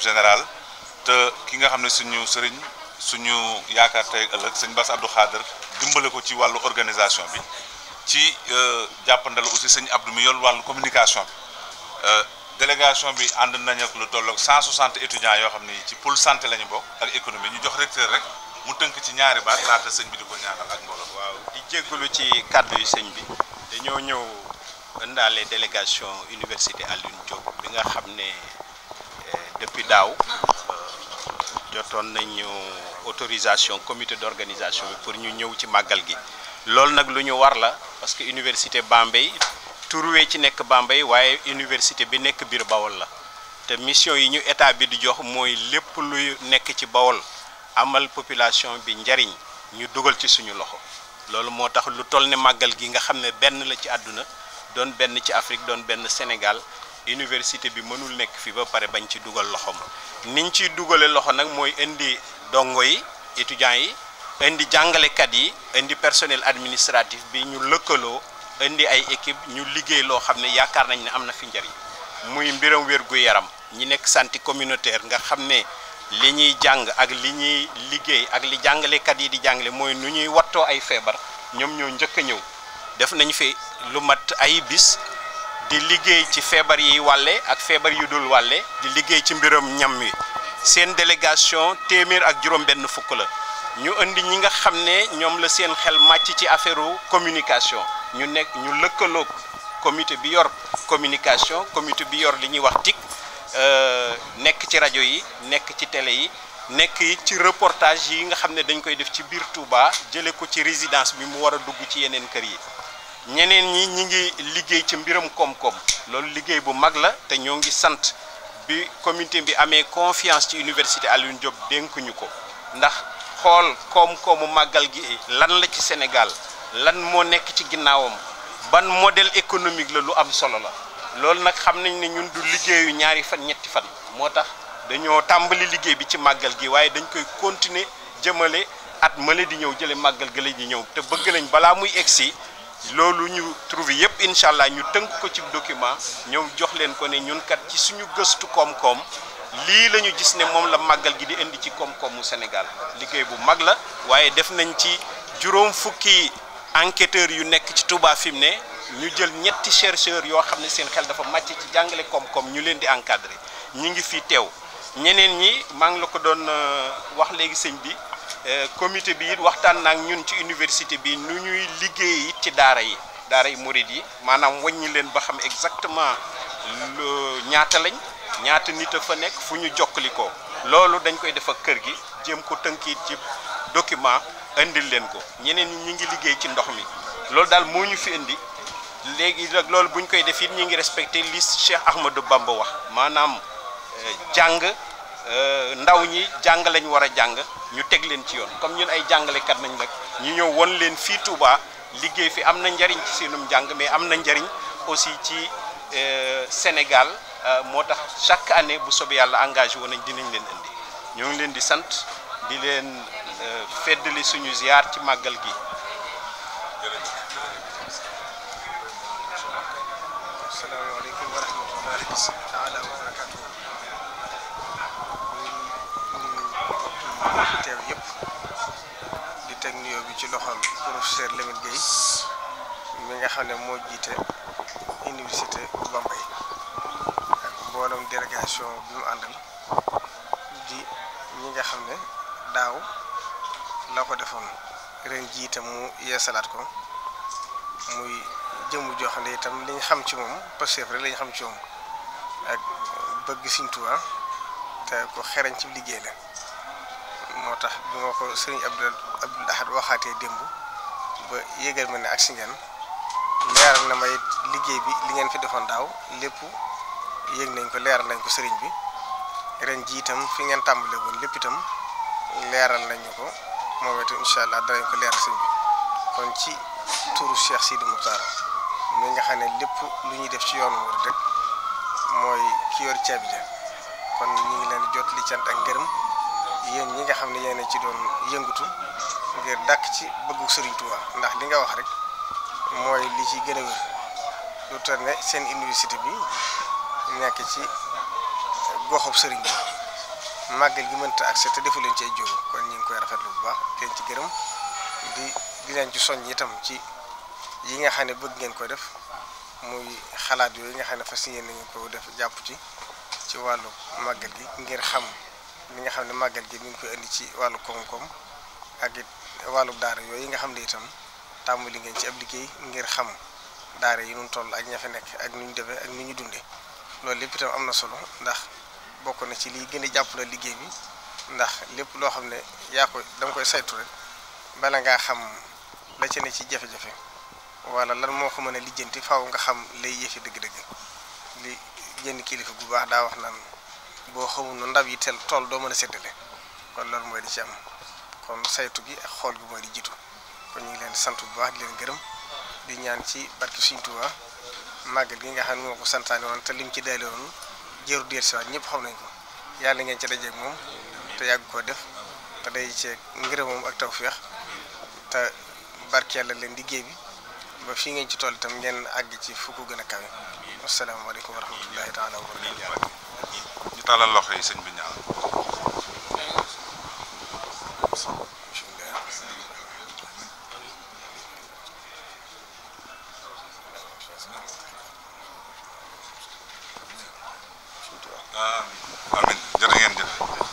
général te ki nga xam ne suñu sëriñ suñu yaakaar tey ëllëg sëñ Bass Abdou Khader dimbale ko ci wàllu organisation bi ci euh, jàppandal aussi sëñ Abdou mi yor wàllu communication bi euh, délégation bi ànd nañ ak lu tolloog 160 étudiants yoo xam ne ci pôle santé lañu ñu bokk ak économie ñu jox recteur rek mu tënk ci ñaari baat laata sañ bi di ko ñaanal ak mbooloo. waaw di jéggalu ci kàddu yu sëñ bi dañoo ñëw ëndaale délégation université Alioune Diop bi nga xam ne. depuis daaw euh, jotoon nañu autorisation comité d'organisation bi pour ñu ñëw ci màggal gi loolu nag lu ñu war la parce que université Bambey turwee ci nekk Bambey waaye université bi nekk biir Bawol la te mission yi ñu état bi di jox mooy lépp luy nekk ci Bawol amal population bi njariñ ñu dugal ci suñu loxo loolu moo tax lu toll ne màggal gi nga xam ne benn la ci àdduna doon benn ci Afrique doon benn Sénégal université bi mënul nekk fi ba pare bañ ci dugal loxoom niñ ciy dugale loxo nag mooy indi dongo yi étudiants yi indi jàngalekat yi indi personnel administratif bi ñu lëkkaloo indi ay équipe ñu liggéey loo xam ne yaakaar nañ ne am na fi njariñ muy mbiram wér gu yaram ñi nekk santé communautaire nga xam ne li ñuy jàng ak li ñuy liggéey ak li jàngalekat yi di jàngale mooy nu ñuy wattoo ay feebar ñoom ñoo njëkk a ñëw def nañ fi lu mat ay bis di liggéey ci feebar yi ak yu dul wàlle di liggéey ci mbiram ñam délégation téeméer ak juróom-benn fukk la ñu indi ñi nga xam ne la xel ci communication ñu comité bi yor communication comité bi ci ci télé yi ci reportage yi nga xam dañ koy def ci résidence bi ñeneen ñi ñi ngi liggéey ci mbiram koom-koom loolu liggéey bu mag la te ñoo ngi sant bi communauté bi amee confiance ci université Alioune Diop dénkuñu ko ndax xool koom-koomu màggal gi lan la ci Sénégal lan moo nekk ci ginnaawam ban modèle économique la lu am solo la loolu nag xam nañ ne ñun du liggéeyu ñaari fan ñetti fan moo tax dañoo tàmbali liggéey bi ci màggal gi waaye dañ koy continuer jëmale at mële di ñëw jële màggal gële di ñëw te bëgg nañ balaa muy egsi loolu ñu trouvé yëpp incha allah ñu tënk ko ci document ñëw jox leen ko ne ñunkat ci suñu gëstu koom-koom lii lañu gis ne moom la màggal gi di indi ci koom mu Sénégal liggéey bu mag la waaye def nañ ci juróom fukki enquêteurs yu nekk ci Touba fi mu ne ñu jël ñetti chercheurs yoo xam ne seen xel dafa màcc ci jàngale koom-koom ñu leen di encadré ñi ngi fi teew ñeneen ñi maa la ko doon euh, wax léegi sëñ bi. Euh, comité bi it waxtaan naag ñun ci université bi nu ñuy liggéey it ci daara yi daara yi murid yi maanaam wàññi leen ba xam exactement lu ñaata lañ ñaata nit a fa nekk fu ñu jokkali ko loolu dañ koy def ak kër gi jéem ko tënkiit ci document indil leen ko ñeneen ñi ñu ngi liggéey ci ndox mi loolu daal moo ñu fi indi léegi nag loolu bu koy def it ñu ngi respecté li Cheikh Ahmadou Bamba wax maanaam euh, jàng. Euh, ndaw ñi jàng lañ war a jàng ñu teg leen ci yoon comme ñun ay jàngalekat nañ nag ñu ñëw won leen fii Touba liggéey fi am na njariñ ci seenum jàng mais am na njariñ aussi ci euh, Sénégal euh, moo tax chaque année bu soobee yàlla engagé woon nañ dinañ leen indi ñoo ngi leen di sant di leen feddali suñu ziar ci màggal gi. Guèye mi nga xam ne moo jiite université Bambey ak mboolem délégation bi mu àndal di ñi nga xam ne daaw la ko defoon ren jiite mu yeesalaat ko muy jëmu joo xam ne itam li xam ci moom parce que li xam ci moom ak bëgg Sëriñ Tuubaa te ko xereñ ci liggéey la moo tax bi ma ko sëriñ Abdul Abdul Ahad waxaatee démb ba yégal ma ne ak si ngeen leeral na may liggéey bi li ngeen fi defoon daaw lépp yéeg nañ ko leeral nañ ko sëriñ bi ren jiitam itam fi ngeen tàmbale woon lépp itam leeral nañ ñu ko moom itam incha allah danañ ko leeral sëriñ bi kon ci turu Cheikh Sidi Moukhtar mi nga xam ne lépp lu ñuy def ci yoonu rek mooy ki yor caabi ja kon ñu ngi leen jot li cant ak ngërëm yéen ñi nga xam ne ci doon yëngatu ngir dàkk ci bëggu Serigne Touba ndax li nga wax rek mooy li ci gën a wér lu tax ne seen université bi nekk ci goxub Serigne bi màggal gi mënta accès te defu leen ci ay jóob kon koy rafetlu bu baax leen ci gërëm di di ci soññ itam ci yi nga xam ne bëgg ngeen ko def xalaat yooyu nga xam ne fas yéene ko def jàpp ci ci wàllu màggal gi ngir xam li nga xam ne màggal gi mi ngi koy indi ci wàllu koom-koom ak it wàllu daare yooyu yi nga xam ne itam tàmbali ngeen ci ab liggéey ngir xam daare yi nun toll ak ña fa nekk ak nu ñu defee ak nu ñu dundee loolu lépp itam am na solo ndax bokk na ci lii gën a jàpp la liggéey bi ndax lépp loo xam ne yaa ko danga koy saytu rek bala ngaa xam la ci ne ci jafe-jafe wala lan moo ko mën a lijjanti faw nga xam lay yëfi dëgg-dëgg li jenn kilifa bu baax daa wax naan boo xamul nu ndab yi tel tool doo mën a séddale kon loolu mooy di ci kon saytu gi ak xol gi moy di jitu kon ñu ngi leen sant bu baax di leen gërëm di ñaan ci barki suñu Tuubaa màggal gi nga xam moko santane won te liñ ci daale won jëru diir ci waat ñepp xam nañ ko yalla ngeen ci dajé ak mom te yag ko def te day ci ngërëmam ak tawfiix te barki yalla leen di bi ba fi ngeen ci toll tam ngeen ag ci fuku gëna kawé assalamu alaykum asalaamaaleykum wa rahmatullahi taala wa barakatu ñu talal loxo señ bi ñaan Um, Amin, jërë